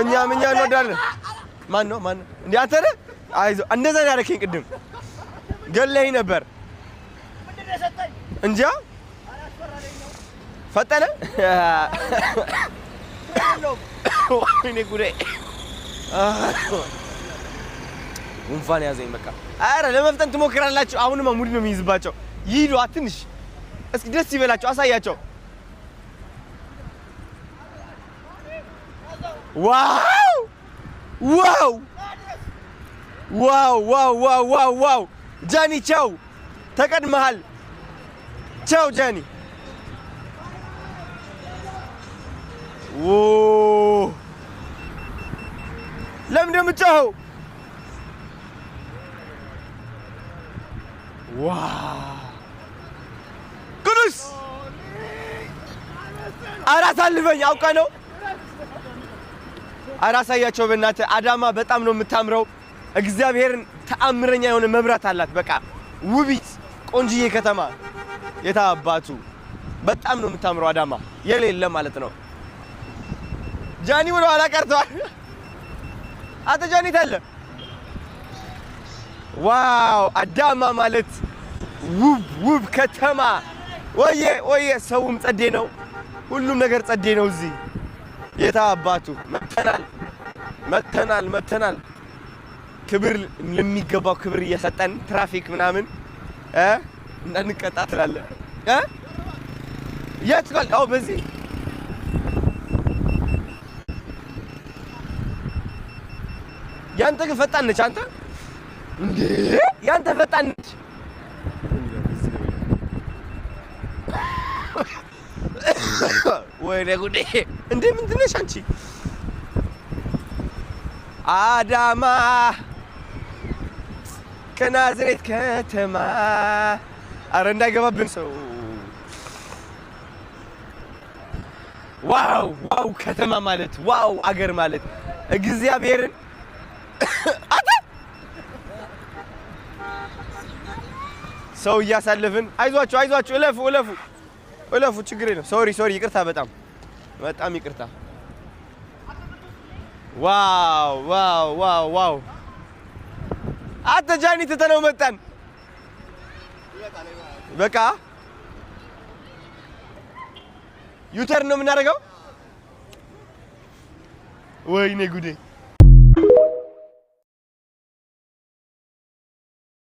እኛም እኛ እንወዳለን። ማን ነው ማን ነው እንዴ? አንተ ነህ? አይዞህ። እንደዛ ነው ያደረከኝ። ቅድም ገለኸኝ ነበር እንጂ ፈጠነ። ወይኔ ጉዴ! ጉንፋን ያዘኝ። በቃ አረ ለመፍጠን ትሞክራላችሁ። አሁንማ ሙድ ነው የሚይዝባቸው። ይሂዱ ትንሽ እስኪ ደስ ይበላቸው፣ አሳያቸው። ዋው ዋው ዋው ዋው ዋው ዋው ዋው ጃኒ ቻው፣ ተቀድመሃል። ቻው ጃኒ። ለምን እንደምትጮኸው ቅዱስ አራት አልፈኝ አውቀ ነው አራሳያቸው በእናተ አዳማ በጣም ነው የምታምረው። እግዚአብሔርን ተአምረኛ የሆነ መብራት አላት። በቃ ውቢት ቆንጅዬ ከተማ የታባቱ በጣም ነው የምታምረው አዳማ፣ የሌለ ማለት ነው። ጃኒ ወደ ኋላ ቀርተዋል። አቶ ጃኒ ታለ ዋው! አዳማ ማለት ውብ ውብ ከተማ። ወየ ወየ፣ ሰውም ጸዴ ነው፣ ሁሉም ነገር ጸዴ ነው እዚህ የታ አባቱ መተናል መተናል መተናል። ክብር ለሚገባው ክብር እየሰጠን ትራፊክ ምናምን እ እንዳንቀጣ ትላለ። የት ቃል አዎ፣ በዚህ ያንተ ግን ፈጣን ነች። አንተ እንዴ! ያንተ ፈጣን ነች። ወይኔ ጉዴ! እንዴ ምንድን ነሽ አንቺ? አዳማ ከናዝሬት ከተማ። አረ እንዳይገባብን ሰው። ዋው ዋው! ከተማ ማለት ዋው! አገር ማለት እግዚአብሔርን አታ ሰው እያሳለፍን አይዟችሁ፣ አይዟችሁ፣ እለፉ፣ እለፉ፣ እለፉ። ችግሬ ነው። ሶሪ፣ ሶሪ፣ ይቅርታ በጣም በጣም ይቅርታ። ዋው ዋው ዋው ዋው! አንተ ጃኒ ትተነው መጣን። በቃ ዩተር ነው የምናደርገው። ወይኔ ጉዴ!